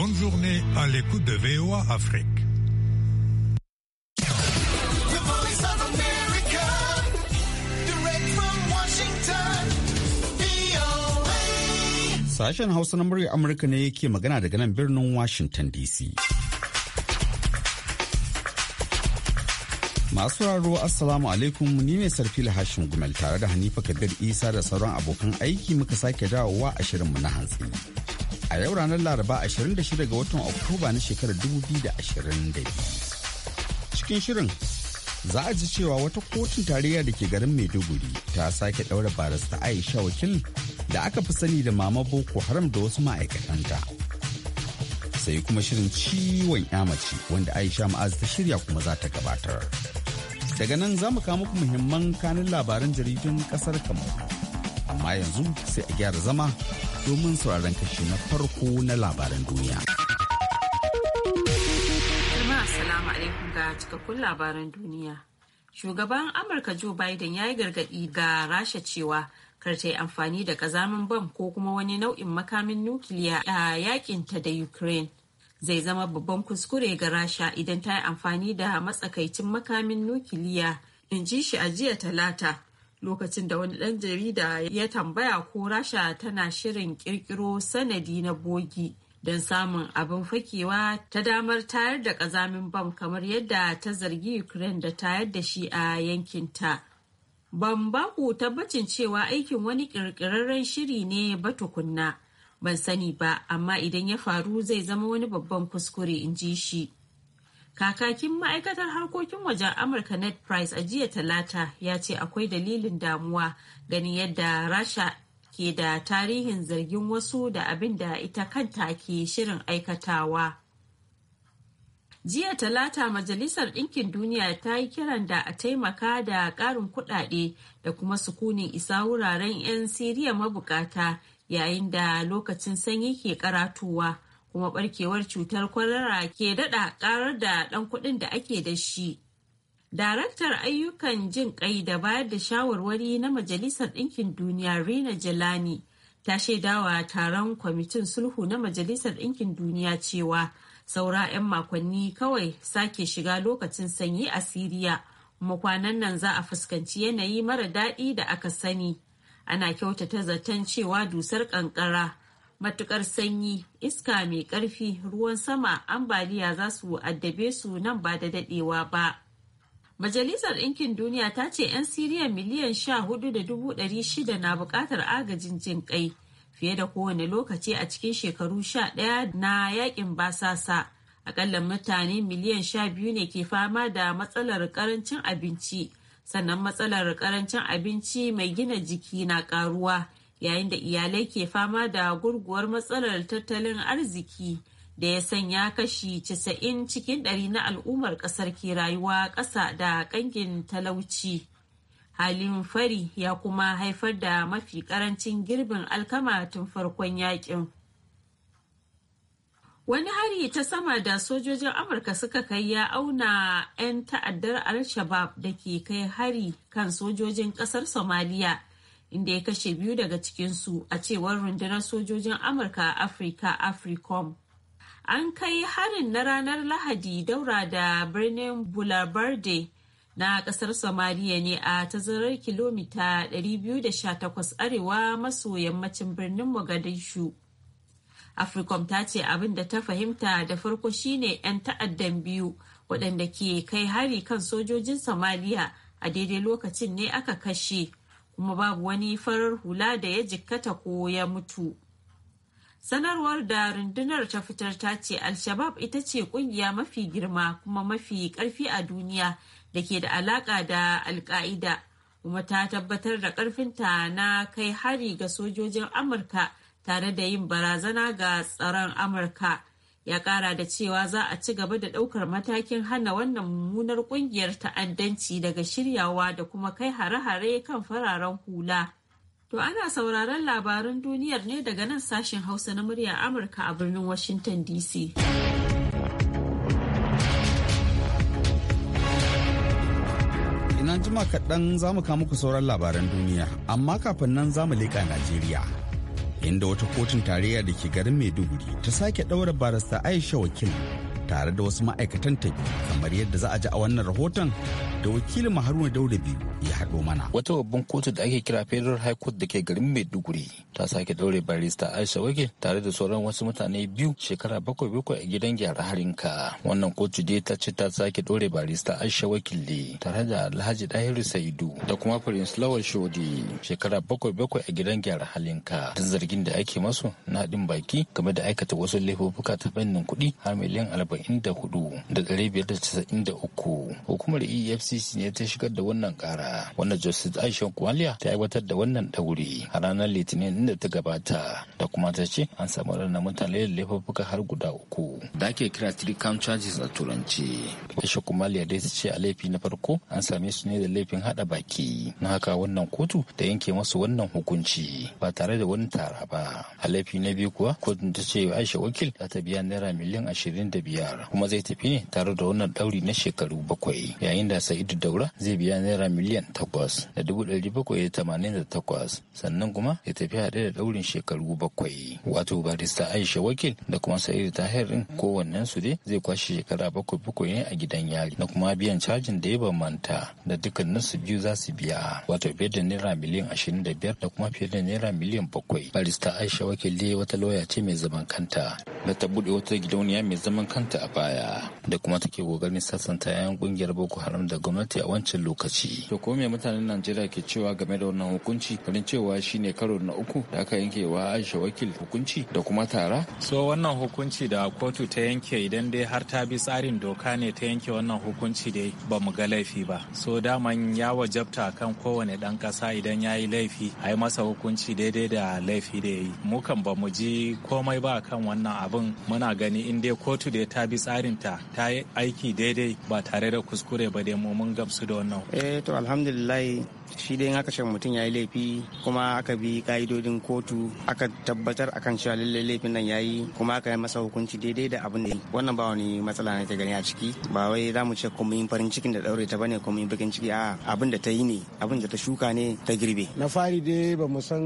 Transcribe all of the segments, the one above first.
Bonne journée à l'écoute de VOA Afrique. Sashen Hausa na murya Amurka ne yake magana daga nan birnin Washington DC. Masu raro Assalamu alaikum ni ne sarfi hashin gumel tare da Hanifa Kabir Isa da sauran abokan aiki muka sake dawowa a shirinmu na hantsi. a yau ranar laraba 26 ga watan oktoba na shekarar 2022 cikin shirin za a ji cewa wata kotun tarayya da ke garin maiduguri ta sake ɗaura barasta aisha wakil da aka fi sani da mama boko haram da wasu ma'aikatanta sai kuma shirin ciwon yamaci wanda aisha ma'az ta shirya kuma za ta gabatar daga nan za mu kawo muku muhimman kanin labaran jaridun kasar kamar. amma yanzu sai a gyara zama domin sauraron kashi na farko na labaran duniya. alaikum ga cikakkun labaran duniya. Shugaban Amurka Joe Biden ya yi gargaɗi ga Rasha cewa kar ta yi amfani da ƙazamin bam ko kuma wani nau'in makamin nukiliya a yakinta da Ukraine. Zai zama babban kuskure ga Rasha idan ta yi amfani da matsakaicin makamin nukiliya, in ji shi a jiya talata lokacin da wani ɗan jarida ya tambaya ko rasha tana shirin kirkiro sanadi na bogi don samun abin fakewa ta damar tayar da ƙazamin bam kamar yadda ta zargi ukraine da tayar da shi a yankinta ban baku tabbacin cewa aikin wani ƙirƙirarren shiri ne ba tukunna ban sani ba amma idan ya faru zai zama wani babban kuskure in ji shi Kakakin ma'aikatar harkokin wajen Amurka Ned Price a jiya talata ya ce akwai dalilin damuwa gani yadda Rasha ke da tarihin zargin wasu da abin da ita kanta ke shirin aikatawa. Jiya talata Majalisar Ɗinkin Duniya ta yi kiran da a taimaka da ƙarin kuɗaɗe da kuma sukunin isa wuraren 'yan Siriya mabukata yayin da lokacin sanyi ke karatuwa. kuma barkewar cutar kwalara ke daɗa ƙarar da ɗan kuɗin da ake da shi. Daraktar ayyukan jin ƙai da bayar da shawarwari na Majalisar Dinkin Duniya Rina Jalani ta shaidawa taron kwamitin sulhu na Majalisar Dinkin Duniya cewa saura 'yan makonni kawai sake shiga lokacin sanyi a Siriya kuma kwanan nan za a fuskanci yanayi mara daɗi da aka sani. Ana kyautata zaton cewa dusar ƙanƙara matukar sanyi iska mai karfi ruwan sama ambaliya za su addabe su nan ba da dadewa ba majalisar ɗinkin duniya ta ce 'yan siriya miliyan sha hudu da dubu ɗari shida na buƙatar agajin jin kai fiye da kowane lokaci a cikin shekaru sha ɗaya na yakin basasa akalla mutane miliyan sha biyu ne ke fama da matsalar karancin abinci sannan matsalar karancin abinci mai gina jiki na karuwa yayin da iyalai ke fama da gurguwar matsalar tattalin arziki da ya sanya kashi 90 cikin ɗari na al'ummar ƙasar ke rayuwa ƙasa da ƙangin talauci. Halin fari ya kuma haifar da mafi ƙarancin girbin alkama tun farkon yakin. Wani hari ta sama da sojojin Amurka suka kai ya auna 'yan ta'addar al shabab da ke kai hari kan sojojin ƙasar Somaliya inda ya kashe biyu daga cikinsu a cewar rundunar sojojin amurka a afirka africom an kai harin na ranar lahadi daura da birnin bulabarde na kasar somaliya ne a tazarar kilomita 218 arewa maso yammacin birnin mogadishu africom ta ce abin da ta fahimta da farko shine 'yan ta'addan biyu waɗanda ke kai hari kan sojojin somaliya a daidai lokacin ne aka kashe kuma babu wani farar hula da ya jikkata ko ya mutu sanarwar da rundunar ta fitar ta ce al-shabab ita ce kungiya mafi girma kuma mafi karfi a duniya da ke da alaka da alka'ida kuma ta tabbatar da karfinta na kai hari ga sojojin amurka tare da yin barazana ga tsaron amurka ya kara da cewa za a ci gaba da daukar matakin hana wannan mummunar kungiyar ta'addanci daga shiryawa da kuma kai hare-hare kan fararen hula to ana sauraron labaran duniyar ne daga nan sashen hausa na murya amurka a birnin washington dc ina jima kaɗan za mu muku sauran labaran duniya amma kafin nan za mu leƙa najeriya inda wata kotun tarayya da ke garin maiduguri ta sake ɗaura barista aisha wakil tare da wasu ma'aikatan ta kamar yadda za a ji a wannan rahoton da wakilin haruna daura biyu ya haɗo mana. Wata babban kotu da ake kira Federal High Court da ke garin Maiduguri ta sake daure barista Aisha Wage tare da sauran wasu mutane biyu shekara bakwai bakwai a gidan gyara harinka. Wannan kotu dai ta ce ta sake daure barista Aisha Wakili tare da Alhaji Dahiru Saidu da kuma Prince Lawal Shodi shekara bakwai bakwai a gidan gyara halinka. Duk zargin da ake masu na haɗin baki game da aikata wasu laifuffuka ta fannin kuɗi har miliyan arba'in. 774 hukumar efcc ne ta shigar da wannan kara wanda justice aisha kwaliya ta aiwatar da wannan ɗauri a ranar litinin da ta gabata da kuma ta ce an samu ranar mutane da laifuffuka har guda uku da ake kira three count charges a turanci aisha kumaliya dai ta ce a laifi na farko an same su ne da laifin hada baki na haka wannan kotu da yanke masu wannan hukunci ba tare da wani tara ba a laifi na biyu kuwa kotun ta ce aisha wakil za ta biya naira miliyan ashirin da biyar kuma zai tafi ne tare da wannan ɗauri na shekaru bakwai yayin da sa'idu daura zai biya naira miliyan takwas da dubu ɗari bakwai da tamanin da takwas sannan kuma ya tafi haɗe da ɗaurin shekaru bakwai wato barista aisha wakil da kuma sa'idu tahir ɗin kowannen su dai zai kwashe shekara bakwai bakwai ne a gidan yari da kuma biyan cajin da ya bambanta da dukkanin su biyu za su biya wato fiye da naira miliyan ashirin da biyar da kuma fiye da naira miliyan bakwai barista aisha wakil dai wata lauya ce mai zaman kanta da ta buɗe wata gidauniya mai zaman kanta a baya da kuma take kokarin sassanta 'yan kungiyar Boko Haram da gwamnati a wancan lokaci. To ko me mutanen Najeriya ke cewa game da wannan hukunci? Ganin cewa shine karo na uku da aka yanke wa Aisha Wakil hukunci da kuma tara? So wannan hukunci da kotu ta yanke idan dai har ta bi tsarin doka ne ta yanke wannan hukunci dai ba mu ga laifi ba. So daman ya wajabta kan kowane dan kasa idan ya yi laifi a yi masa hukunci daidai da laifi da ya yi. Mukan ba mu ji komai ba kan wannan abin muna gani in dai kotu da ta ta bi tsarinta ta yi aiki daidai ba tare da kuskure ba dai mu mun gamsu da wannan. Eh to alhamdulillah shi dai aka ce mutum ya yi laifi kuma aka bi ka'idodin kotu aka tabbatar akan cewa lallai laifin nan ya yi kuma aka yi masa hukunci daidai da abin da wannan ba wani matsala ne ta gani a ciki ba wai za mu ce kuma yin farin cikin da daure ta bane kuma yin bakin ciki a abin da ta yi ne abin da ta shuka ne ta girbe na fari dai ba mu san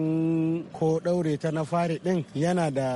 ko daure ta na fari din yana da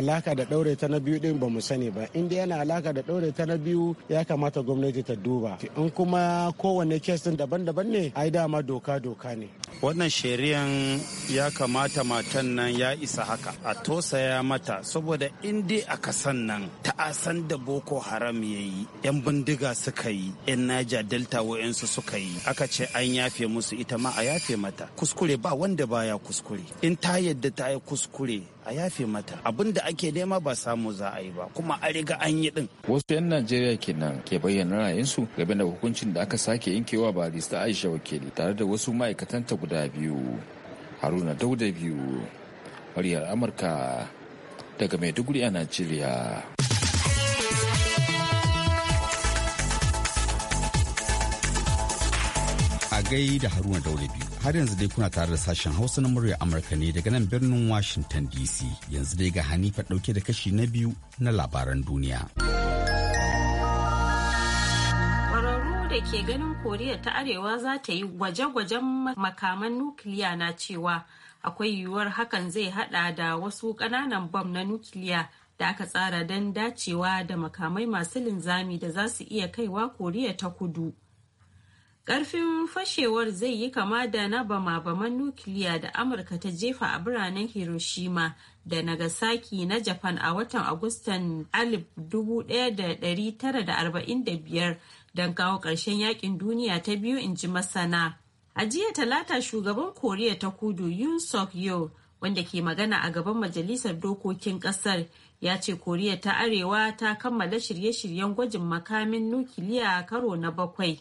alaka da daure ta na biyu din ba mu sani ba inda yana alaka da daure ta na biyu ya kamata gwamnati ta duba in kuma kowanne kes din daban-daban ne ai dama doka doka-doka ne. Wannan shari'an ya kamata matan nan ya isa haka a tosaya mata saboda in dai a kasan nan Ta ta'asan da Boko Haram ya yi, 'yan bindiga suka yi, 'yan Naja Delta wa'yansu suka yi, aka ce an yafe musu ita ma a yafe mata. Kuskure ba wanda baya kuskure. In ta yadda ta yi kuskure a yafe mata abin da ake nema ba samu za a yi ba kuma a riga an yi din wasu 'yan najeriya kenan ke bayyana ra'ayinsu game da hukuncin da aka sake yankewa barista aisha wakili tare da wasu ma'aikatanta guda biyu haruna dauda biyu muryar amurka daga maiduguri a najeriya gai da Haruna Daure biyu. Har yanzu dai kuna tare da sashen Hausa na murya Amurka ne daga nan birnin Washington DC. Yanzu dai ga Hanifa dauke da kashi na biyu na labaran duniya. Ƙwararru da ke ganin Koriya ta Arewa za ta yi gwaje-gwajen makaman nukiliya na cewa akwai yiwuwar hakan zai hada da wasu kananan bom na nukiliya da aka tsara don dacewa da makamai masu linzami da za su iya kaiwa Koriya ta Kudu. Ƙarfin fashewar zai yi kama da na bama-baman nukiliya da Amurka ta jefa a biranen Hiroshima da Nagasaki na Japan a watan Agustan 1945 don kawo ƙarshen yakin duniya ta biyu in ji masana. A jiya talata shugaban Koriya ta kudu Yoon Suk Yeol wanda ke magana a gaban majalisar dokokin Ƙasar, ya ce koriya ta arewa ta kammala shirye-shiryen gwajin makamin nukiliya karo na bakwai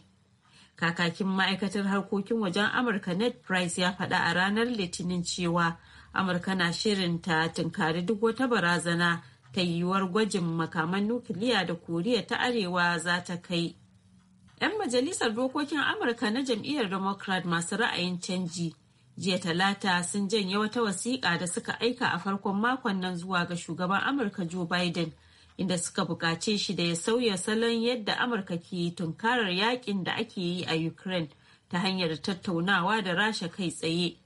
kakakin ma'aikatar harkokin wajen amurka ned price ya faɗa a ranar litinin cewa amurka na shirin ta tunkari duk wata barazana ta yiwuwar gwajin makaman nukiliya da koriya ta arewa za ta kai 'yan majalisar dokokin amurka na jam'iyyar democrat masu ra'ayin canji jiya talata sun janye wata wasiƙa da suka aika a farkon makon nan zuwa ga shugaban amurka joe biden inda suka buƙace shi da ya sauya salon yadda amurka ke tunkarar yakin da ake yi a ukraine ta hanyar tattaunawa da rasha kai tsaye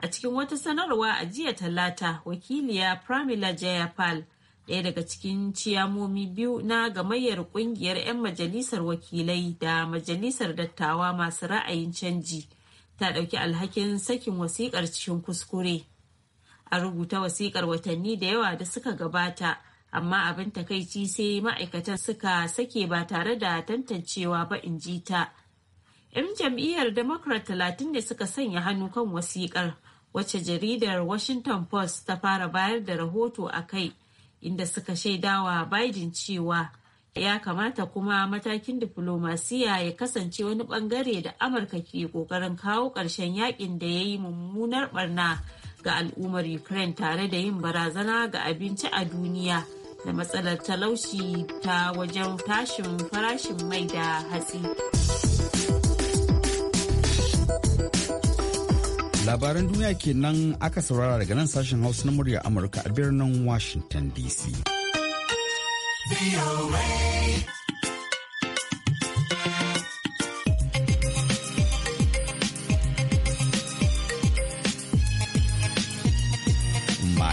a cikin wata sanarwa a jiya talata wakiliya pramila jayapal ɗaya daga cikin ciyamomi biyu na gamayyar ƙungiyar 'yan majalisar wakilai da majalisar dattawa masu ra'ayin canji ta ɗauki alhakin sakin wasiƙar cikin kuskure a rubuta wasiƙar watanni da yawa da suka gabata amma abin takaici sai ma'aikatan suka sake ba tare da tantancewa ba in ji ta 'yan jam'iyyar democrat talatin ne suka sanya hannu kan wasiƙar wacce jaridar washington post ta fara bayar da rahoto a kai inda suka shaidawa biden cewa ya kamata kuma matakin diflomasiya ya kasance wani bangare da amurka ke kokarin kawo ƙarshen yakin da ya yi mummunar barna ga al'ummar ukraine tare da yin barazana ga abinci a duniya da matsalar talauci ta wajen tashin farashin mai da hatsi. Labaran duniya kenan aka saurara daga nan sashen Hausa na murya Amurka a birnin Washington DC.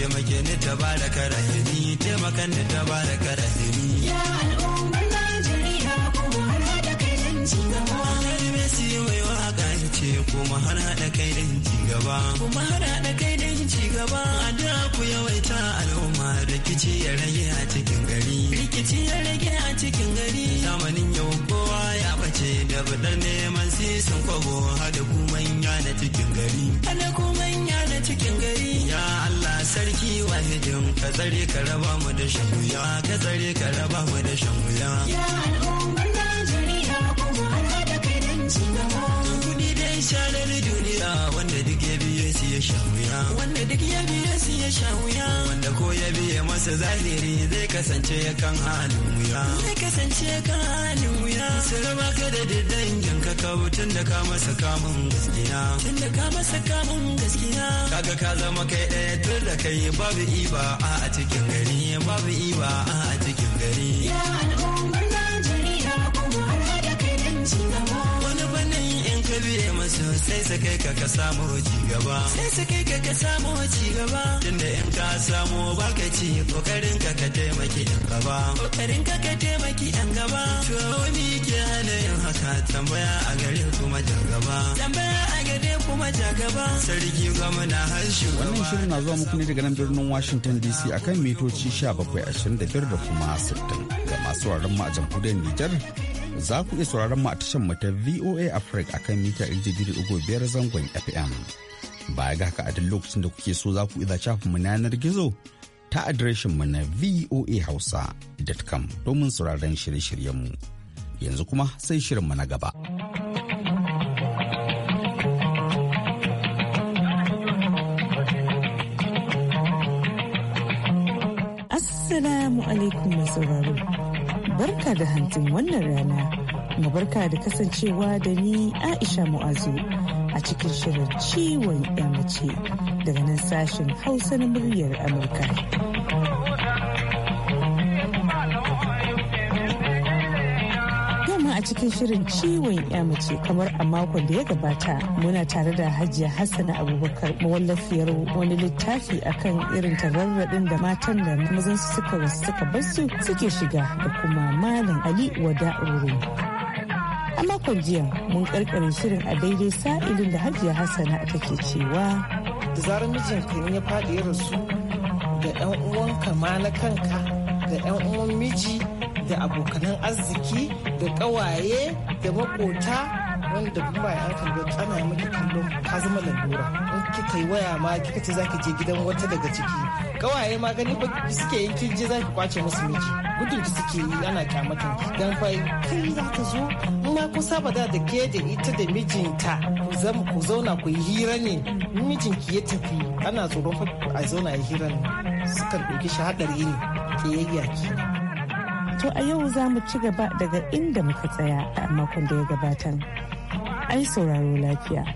taimake ni ta ba da karahimi taimakan ni ta ba da karahimi ya al'ummar Najeriya kuma har haɗa kai don ci gaba Lionel Messi mai waka ce kuma har haɗa kai don ci gaba kuma har haɗa kai don ci gaba a da ku yawaita al'umma rikici ya rage a cikin gari rikici ya rage a cikin gari zamanin yau bace da badar neman sisin kwabo hada kuman ya na cikin gari hada kuman ya na cikin gari ya Allah sarki wahidin ka tsare ka raba mu da shan wuya ka tsare ka raba mu da shan wuya ya al'ummar Najeriya kuma an da kai dan cigaba. gaba kudi dai shanar duniya wanda duk ya bi siya shawuya wanda duk ya biya siya shawuya wanda ko ya biya masa zahiri zai kasance kan halin wuya zai kasance kan halin wuya su raba ka da dangin ka kawo tun da ka masa kamun gaskiya tun da ka masa kamun gaskiya kaga ka zama kai ɗaya tun da kai babu iba a cikin gari babu iba a cikin gari ya biye masu sai sa kai ka ka samu ci gaba sai sa kai ka ka samu ci gaba tunda in ka samu ba ka ci kokarin ka ka taimaki yan gaba kokarin ka ka taimaki yan gaba to ni ke hana yin haka tambaya a gare kuma jagaba tambaya a gare kuma jagaba sarki gwamna har shugaba wannan shirin na zuwa muku ne daga nan birnin Washington DC akan mitoci 1725 da kuma 60 ga masu wararren mu a jamhuriyar za ku iya sauraron mu a tashar mu ta VOA Africa akan mita biyar zangon FM. Baya ga haka a duk lokacin da kuke so za ku iya shafin mu na yanar gizo ta adireshin mu na voahausa.com domin sauraron shirye-shiryen mu. Yanzu kuma sai shirin mu na gaba. Assalamu alaikum sauraro. barka da hantin wannan rana mu barka da kasancewa da ni aisha mu'azu a cikin shirin ciwon mace daga nan sashen hausa na muryar amurka cikin shirin ciwon ya mace kamar a makon da ya gabata muna tare da hajiya hassana abubakar mawallafiyar wani littafi akan irin tararradin da matan da mazan su suka wasu suka basu suke shiga da kuma malam ali wada ruru a makon jiya mun karkare shirin a daidai sa'ilin da hajiya hassana take cewa da zarar ka ya faɗi ya rasu da 'yan uwanka ma na kanka da 'yan uwan miji da abokanan arziki da ƙawaye da makota wanda kuma ba ya ba tsana ya mutu kallon ka zama lalura in kika yi waya ma kika ce zaki je gidan wata daga ciki kawaye ma gani ba suke yin kin je zaki kwace musu miji gudun da suke yi ana kyamatan dan fa kai za ta zo in ma saba da ke da ita da mijinta ku zama ku zauna ku yi hira ne mijinki ya tafi ana tsoron fa a zauna yi hira ne sukan ɗauki shahadar yi ne ke yayyaki. To a yau za mu ci gaba daga inda muka tsaya a makon da ya gabatan. Ai sauraro lafiya.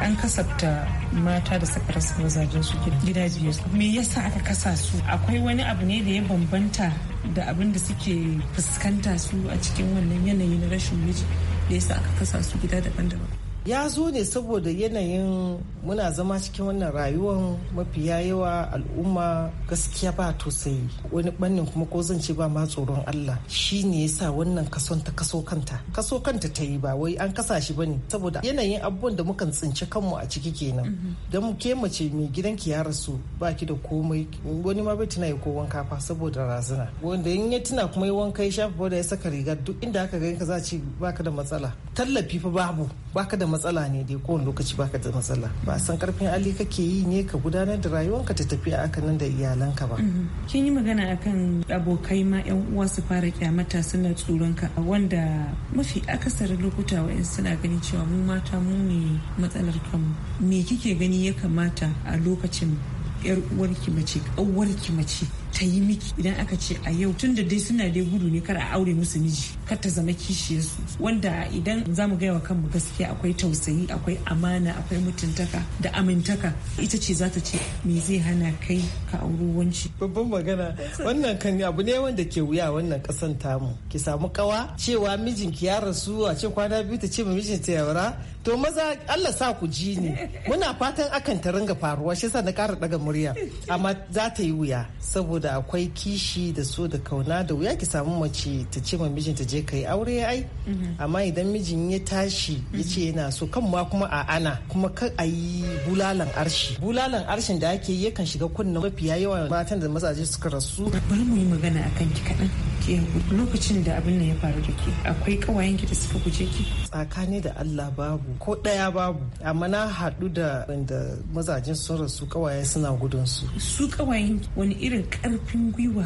An kasafta mata da suka rasa mazajen su gida biyu. Me yasa aka kasa su? Akwai wani abu ne da ya bambanta da abin da suke fuskanta su a cikin wannan yanayi na rashin miji da yasa aka kasa su gida daban-daban. ya zo ne saboda yanayin muna zama cikin wannan rayuwar mafiya yawa al'umma gaskiya ba tausayi wani bannin kuma ko zan ce ba ma tsoron Allah shi ne ya sa wannan kason ta kaso kanta kaso kanta ta yi ba wai an kasa shi ne. saboda yanayin abubuwan da mukan tsinci kanmu a ciki kenan don ke mace mai ki ya rasu ba ki da komai wani ma bai tuna ya ko wanka fa saboda razana wanda in ya tuna kuma ya wanka ya shafa da ya saka riga duk inda aka ga ka za a ce baka da matsala tallafi fa babu baka da matsala ne dai kowane lokaci baka da matsala ba san karfin ali kake yi ne ka gudanar da rayuwanka ta tafiya aka nan da iyalanka ba mhm. kin yi magana akan abokai ma yan uwa su fara kyamata suna tsoron ka wanda mafi akasarin lokuta wa'in suna ganin cewa mu mata mu ne matsalar kanmu me kike gani ya kamata a lokacin yar uwarki mace ƙauwarki mace ta yi miki idan aka ce a yau tun da dai suna dai gudu ne kar a aure musu miji kar ta zama kishiyarsu wanda idan za mu gaya wa kanmu gaskiya akwai tausayi akwai amana akwai mutuntaka da amintaka ita ce za ta ce me zai hana kai ka auro wanci babban magana wannan kan abu ne wanda ke wuya wannan kasan tamu ki samu kawa cewa mijinki ya rasu a ce kwana biyu ta ce ma mijinta yaura to maza Allah sa ku ji ne muna fatan akan ta ringa faruwa shi yasa na kara daga murya amma za ta yi wuya saboda saboda akwai kishi da so da kauna da wuya ki samu mace ta ce ma mijin ta je kai aure ai mhm. amma idan mijin ya tashi ya ce yana so kan ma kuma a ana kuma kar a yi bulalan arshi bulalan arshin da ake yi yakan shiga kunna mafiya yawa matan da mazaje suka rasu bari mu yi magana akan ki kaɗan lokacin da abin nan ya faru da ke akwai kawayen ki da suka guje ki tsakani da Allah babu ko ɗaya babu amma na haɗu da wanda mazajen sun rasu kawaye suna gudun su su kawayen wani irin karfin gwiwa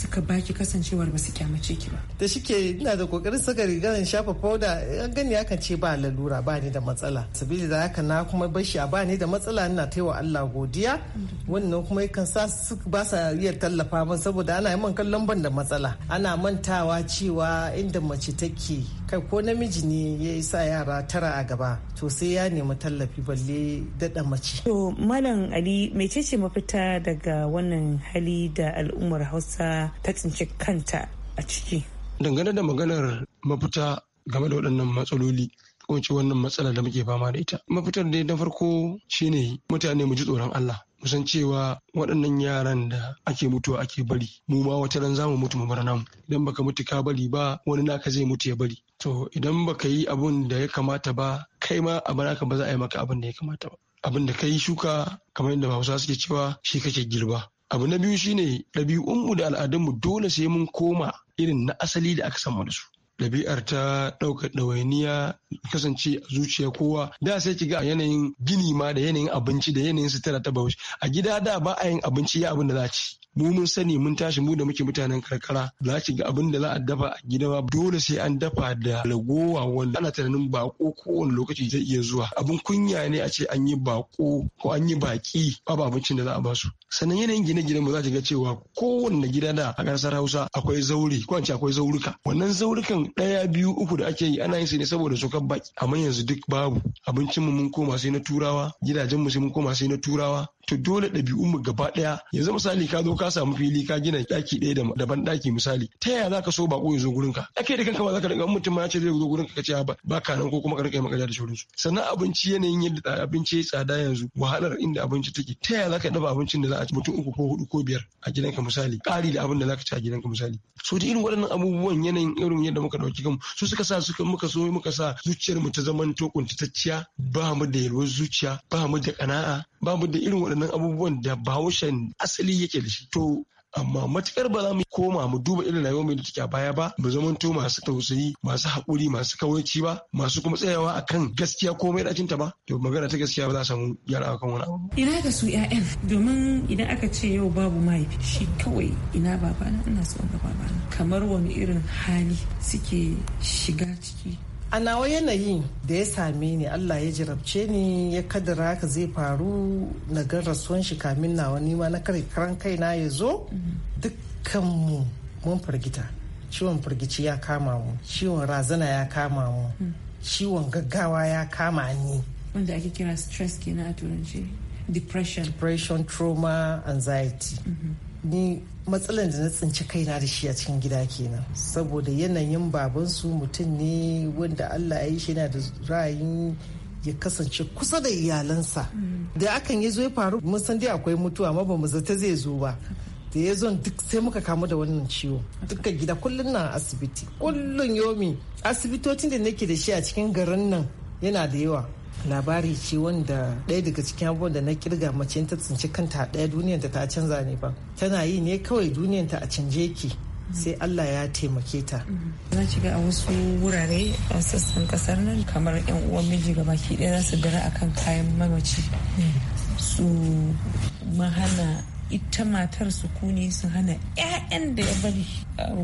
suka baki kasancewar ba su kyamace ki ba. Da shike ina da kokarin saka rigar shafa fauda an gani akan ce ba lalura ba ni da matsala. Sabili da haka na kuma bashi a ba ni da matsala ina wa Allah godiya. Wannan kuma yakan sa su ba sa iya tallafa min saboda ana yi man kallon ban da matsala. Ana mantawa cewa inda mace take kai ko namiji ne ya yi sa yara tara a gaba to sai ya nemi tallafi balle daɗa mace. to malam ali mecece mafita daga wannan hali da al'ummar hausa ta tsinci kanta a ciki. dangane da maganar mafita game da waɗannan matsaloli ko ce wannan matsala da muke fama da ita mafitar dai na farko shine mutane mu ji tsoron Allah mu san cewa waɗannan yaran da ake mutuwa ake bari mu ma wata ran zamu mutu mu bar namu idan baka mutu ka bari ba wani naka zai mutu ya bari to idan baka yi abun da ya kamata ba kai ma a baraka ba za a yi maka abin da ya kamata ba abin da kai shuka kamar yadda hausa suke cewa shi kake girba abu na biyu shine ɗabi'unmu da al'adunmu dole sai mun koma irin na asali da aka samu da su ɗabi'ar ta ɗaukar ɗawainiya kasance a zuciya kowa da sai ki ga yanayin gini ma da yanayin abinci da yanayin sutura ta bauchi a gida da ba a yin abinci ya abin da za ci mu mun sani mun tashi mu da muke mutanen karkara za ki ga abin da za a dafa a gida ba dole sai an dafa da ragowa wanda ana tunanin bako kowane lokaci zai iya zuwa abin kunya ne a ce an yi bako ko an yi baki babu abincin da za a basu sannan yanayin gine-gine mu za ki ga cewa kowanne gida da a ƙasar Hausa akwai zauri ko ce akwai zaurika wannan zaurukan ɗaya biyu uku da ake yi ana yin su ne saboda su kan baki amma yanzu duk babu abincin mu mun koma sai na turawa gidajen mu sai mun koma sai na turawa to dole ɗabi'un mu gaba ɗaya yanzu misali ka zo ka samu fili ka gina ɗaki ɗaya da daban ɗaki misali ta yaya zaka so baƙo ya zo gurin ka ake da kanka ba zaka dinga mutum ma ce zai zo gurin ka ce ba ba ka nan ko kuma ka rinka magana da su. sannan abinci yanayin yadda abinci ya tsada yanzu wahalar inda abinci take ta yaya zaka dafa abincin da za a ci mutum uku ko hudu ko biyar a gidanka misali ƙari da abin da zaka ci a gidanka misali so da irin waɗannan abubuwan yanayin irin yadda muka ɗauki kanmu su suka sa suka muka so muka sa zuciyar mu ta zaman to kuntatacciya ba mu da yalwar zuciya ba mu da ƙana'a babu da irin waɗannan abubuwan da bahaushen asali yake da shi to amma matukar ba za mu koma mu duba irin rayuwar mai da take baya ba mu zamanto masu tausayi masu haƙuri masu kawaici ba masu kuma tsayawa akan gaskiya ko mai ta ba to magana ta gaskiya ba za a samu yara akan wani abu ina ga su 'ya'yan domin idan aka ce yau babu mahaifi shi kawai ina babana ina so ga babana kamar wani irin hali suke shiga ciki a nawa yanayin da ya same ni allah ya jarabce ni ya kadara ka zai faru na gan rasuwan shi kamin nawa nima na karan kaina ya zo dukkanmu mun firgita ciwon firgici ya kama mu ciwon razana ya kama mu ciwon gaggawa ya kama ni wanda ake kira stress kenan a turanci depression depression trauma anxiety mhm. ni matsalan da na tsinci kaina da shi a cikin gida kenan saboda yanayin babansu mutum ne wanda allah ya yi shi yana da ra'ayin ya kasance kusa da iyalansa da akan yi zo ya faru mun san dai akwai mutuwa amma ba mu zata zai zo ba da ya zon duk sai muka kamu da wannan ciwo duka gida kullum na asibiti kullun yomi asibitocin da nake da shi a cikin garin nan yana da yawa labari ce wanda ɗaya daga cikin abubuwan da na kirga mace ta tsinci kanta ɗaya duniyarta ta canza ne ba tana yi ne kawai ta a canje ki sai Allah ya taimake ta. Za shiga a wasu wurare a sassan kasar nan kamar yan uwan miji gaba ki ɗaya za su dara akan kayan mamaci su mahana ita matar su kune su hana 'ya'yan da ya bari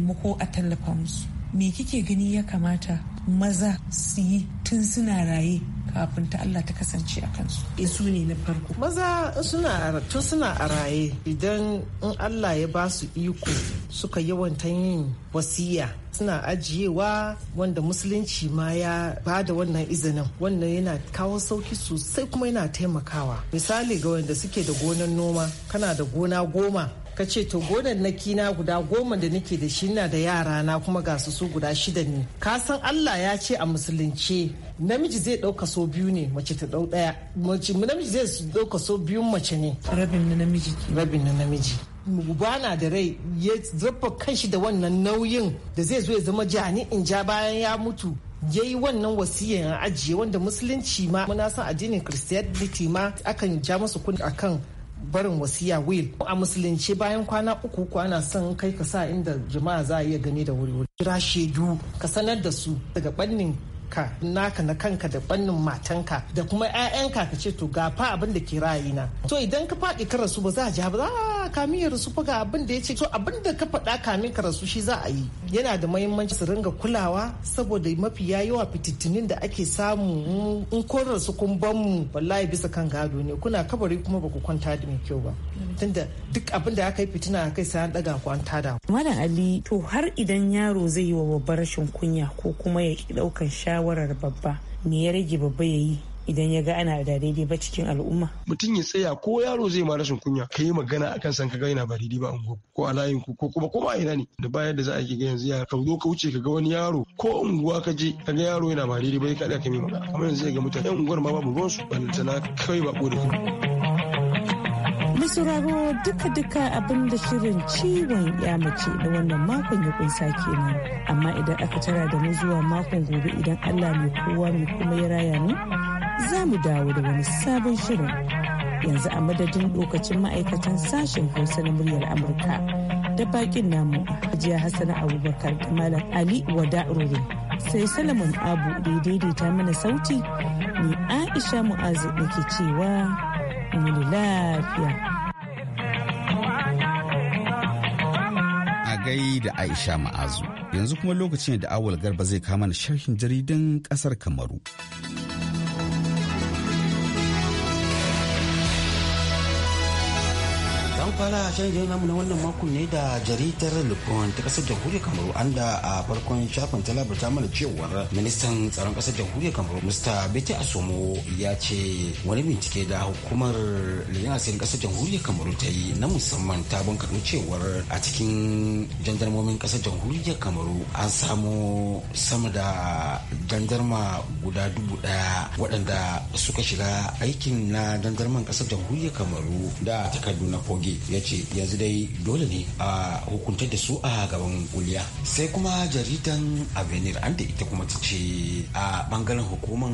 muku a tallafa musu. Me kike gani ya kamata maza su yi tun suna raye kafin ta Allah ta kasance a kansu eh, su ne na farko maza suna tun suna a raye idan in Allah ya ba su iko suka yawanta yin wasiya suna ajiyewa wanda musulunci ma ya ba da wannan izinin wannan yana kawo sauki sosai kuma yana taimakawa misali ga wanda suke da gonan noma kana da gona goma ka ce to gonar na guda goma da nake da shi na da yara na kuma ga su su guda shida ne ka san Allah ya ce a musulunce namiji zai ɗauka so biyu ne mace ta ɗau ɗaya namiji zai ɗauka so biyun mace ne rabin na namiji rabin na namiji bana da rai ya zaba kanshi da wannan nauyin da zai zo ya zama jani in ja bayan ya mutu ya yi wannan wasiyan ajiye wanda musulunci ma muna san addinin christianity ma akan ja masu kun akan barin wasiya will a musulunci bayan kwana uku kwana son kai ka sa inda jama'a za a iya gani da wuri-wuri kira shaidu ka sanar da su daga bannin ka naka na kanka da bannin matanka da kuma 'ya'yanka ka ce to ga fa abin da ke na to idan ka faɗi ka rasu ba za a ja ba za kamin ya rasu ga abin da ya ce to abin da ka faɗa kamin ka rasu shi za a yi yana da mahimmanci su ringa kulawa saboda mafi yawa fitittunin da ake samu in kun rasu kun ban mu wallahi bisa kan gado ne kuna kabari kuma baku kwanta da mai kyau ba tunda duk abin da aka yi fitina kai sai an daga ku an tada malam ali to har idan yaro zai yi wa babbar rashin kunya ko kuma ya ɗaukan shawarar babba me ya rage babba ya yi idan ya ga ana da daidai ba cikin al'umma. Mutum ya tsaya ko yaro zai ma rashin kunya ka yi magana akan san ka ga yana ba daidai ba unguwa ko a layin ku ko kuma koma ina ne da bayan da za a ke ga yanzu yara ka zo ka wuce ka ga wani yaro ko unguwa ka je ka ga yaro yana ba daidai ba ya kaɗa ka mai magana amma yanzu zai ga mutane yan unguwar ma babu ruwansu balantana kai ba ko da kuma. duka-duka abin da shirin ciwon ya mace da wannan makon ya kunsa kenan. Amma idan aka tara da mu zuwa makon gobe idan Allah mai kowa mai kuma ya raya ne. za mu dawo da wani sabon shirin yanzu a madadin lokacin ma'aikatan sashen hausa na muryar amurka da bakin namu hajiya hassana abubakar da malam ali wada ruru sai salamun abu da ya daidaita mana sauti ne aisha mu'azu da ke cewa mu lafiya gai da Aisha Ma'azu. Yanzu kuma lokacin da awul garba zai kama na sharhin jaridan kasar Kamaru. fara shirin namu na wannan makon ne da jaridar Le ta kasar jamhuriyar Kamaru an da a farkon shafin ta labarta mana cewar ministan tsaron kasar jamhuriyar Kamaru Mr. Bete Asomo ya ce wani bincike da hukumar Lina Asirin kasar jamhuriyar Kamaru ta yi na musamman ta bunkaro cewar a cikin jandarmomin kasar jamhuriyar Kamaru an samo sama da jandarma guda dubu daya waɗanda suka shiga aikin na jandarman kasar jamhuriyar Kamaru da takardu na foge ya ce yanzu dai dole ne a hukuntar da su a gaban kuliya sai kuma jaridan avenir an da ita kuma ta ce a bangaren hukuman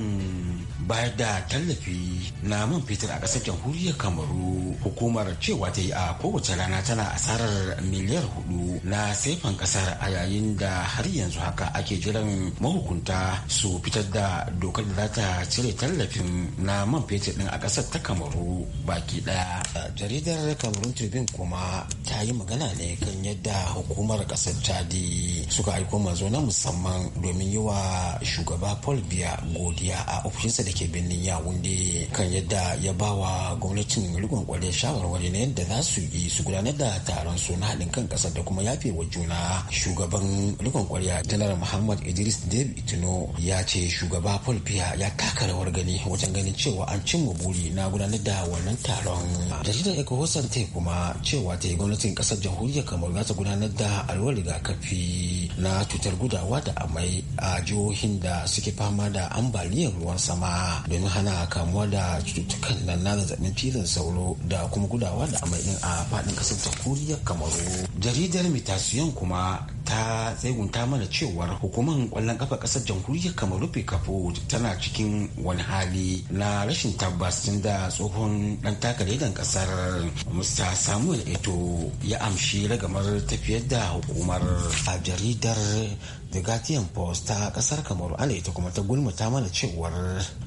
bayar da tallafi na man fetur a kasar jamhuriyar kamaru hukumar cewa ta yi a kowace rana tana asarar miliyar hudu na saifan kasar a yayin da har yanzu haka ake jiran mahukunta su fitar da dokar da za ta cire tallafin na man fetur ɗin a kasar ta kamaru baki daya jaridar kamarun tribune kuma ta yi magana ne kan yadda hukumar kasar chadi suka aiko mazo na musamman domin yi wa shugaba paul biya godiya a ofishinsa da ke birnin yawunde kan yadda ya ba wa gwamnatin rikon kwale shawarwari na yadda za su yi su gudanar da taron su na haɗin kan kasar da kuma yafe wa juna shugaban rikon kwarya janar muhammad idris david itino ya ce shugaba paul biya ya taka rawar gani wajen ganin cewa an cimma buri na gudanar da wannan taron jaridar ecohosan te kuma kuma cewa ta yi gwamnatin kasar jamhuriyar kamar za ta gudanar da alwar rigakafi na cutar gudawa da amai a jihohin da suke fama da ambaliyar ruwan sama domin hana kamuwa da cututtukan nan na zazzabin cizon sauro da kuma gudawa da amai din a faɗin kasar jamhuriyar kamar jaridar mitasiyon kuma ta tsegunta mana cewar hukumar kwallon kafa kasar jamhuriyar kamaru kafo tana cikin wani hali na rashin tabbas tun da tsohon dan takaridan kasar mr samuel eto ya amshi ragamar tafiyar da hukumar a jaridar the guardian post ta kasar kamaru ana ita kuma ta gulma ta mana cewar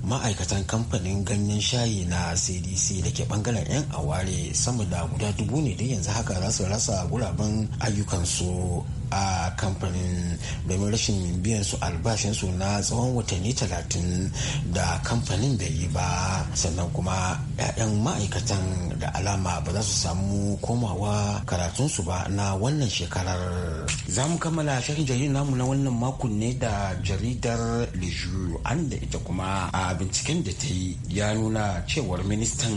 ma'aikatan kamfanin ganyen shayi na cdc da ke bangaren yan aware sama da guda dubu ne da yanzu haka za su rasa guraben ayyukansu a kamfanin domin rashin biyan su albashinsu na tsawon watanni talatin da kamfanin bai yi ba sannan kuma 'ya'yan ma'aikatan da alama ba za su samu komawa karatun su ba na wannan shekarar za mu kammala shirin jaridar namu na wannan makon ne da jaridar leju an da ita kuma a binciken da ta yi ya nuna cewar ministan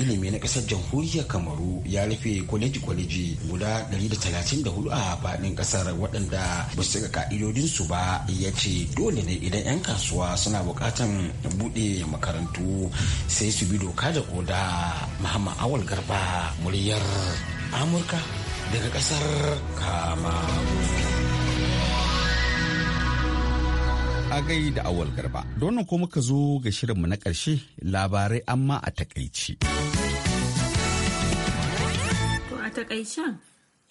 ilimi na ƙasar jamhuriyar kamaru ya rufe kwaleji-kwaleji guda 134 a faɗin ƙasar kasar waɗanda ba su cika ka'idodinsu ba ya ce dole ne idan 'yan kasuwa suna buƙatan buɗe makarantu sai su bi doka da koda muhammad awal garba muryar amurka daga ƙasar a agai da awal garba don ko muka zo ga shirinmu na ƙarshe labarai amma a takaici to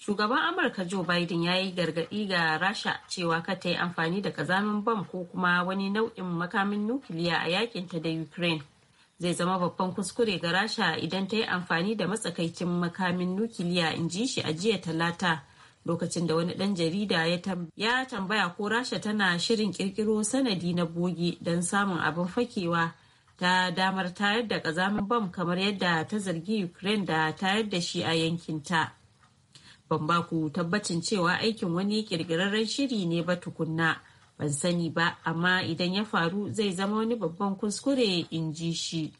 shugaban amurka joe biden ya yi gargaɗi ga rasha cewa ka ta yi amfani da kazamin bom ko kuma wani nau'in makamin nukiliya a yakinta da ukraine zai zama babban kuskure ga rasha idan ta yi amfani da matsakaicin makamin nukiliya in ji shi a jiya talata lokacin da wani ɗan jarida ya tambaya ko rasha tana shirin kirkiro sanadi na bogi don samun abin fakewa ta damar tayar da kazamin bom kamar yadda ta zargi ukraine da tayar da shi a yankinta. ban ba ku tabbacin cewa aikin wani kirkirarren shiri ne ba tukunna ban sani ba amma idan ya faru zai zama wani babban kuskure in ji shi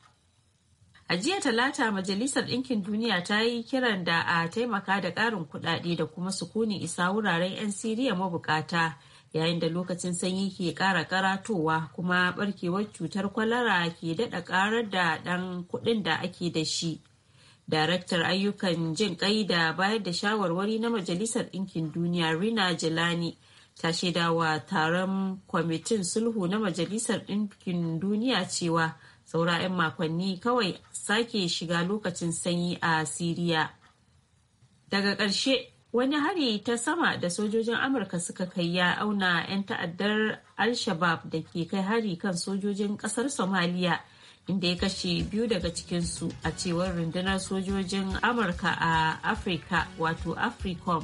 a jiya talata majalisar ɗinkin duniya ta yi kiran da a taimaka da ƙarin kuɗaɗe da kuma sukuni isa wuraren 'yan siriya mabukata yayin da lokacin sanyi ke ƙara karatowa kuma barkewar cutar kwalara ke daɗa ƙarar da ɗan kuɗin da ake da shi Daraktar ayyukan jin kai da bayar da shawarwari na Majalisar Ɗinkin Duniya Rina Jelani ta shaidawa taron kwamitin sulhu na Majalisar Ɗinkin Duniya cewa saura 'yan makonni kawai sake shiga lokacin sanyi a Siriya. Daga ƙarshe wani hari ta sama da sojojin amurka suka kai ya auna 'yan ta'addar al-shabab da ke kai hari kan sojojin ƙasar somaliya inda ya kashe biyu daga cikinsu a cewar rundunar sojojin amurka a afirka wato africom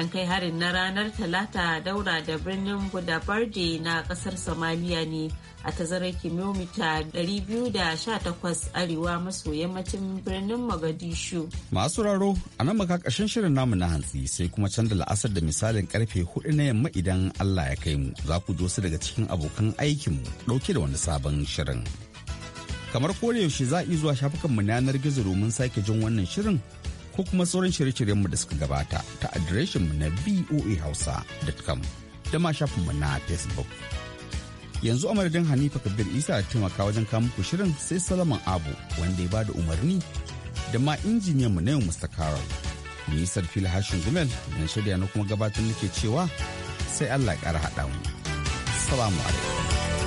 an kai harin na ranar talata daura da birnin budabarde na kasar samaliya ne a tazarar kilomita 218 arewa maso yammacin birnin magadishu. Masu raro a nan makakashin shirin namu na hantsi sai kuma canza la'asar da misalin karfe hudu na yamma idan Allah ya kai mu za ku ji wasu daga cikin abokan aikinmu dauke da wani sabon shirin. kamar yaushe za a iya zuwa shafukanmu na yanar gizo domin sake jin wannan shirin ko kuma sauran shirye-shiryenmu da suka gabata ta adireshinmu na voahausa.com da ma shafinmu na facebook yanzu a madadin hanifa kabir isa da taimaka wajen muku shirin sai salaman abu wanda ya bada umarni da ma injiniyanmu na yau mr carol ni sarfil hashin gumel na shirya na kuma gabatar nake cewa sai allah ya kara haɗa mu salamu alaikum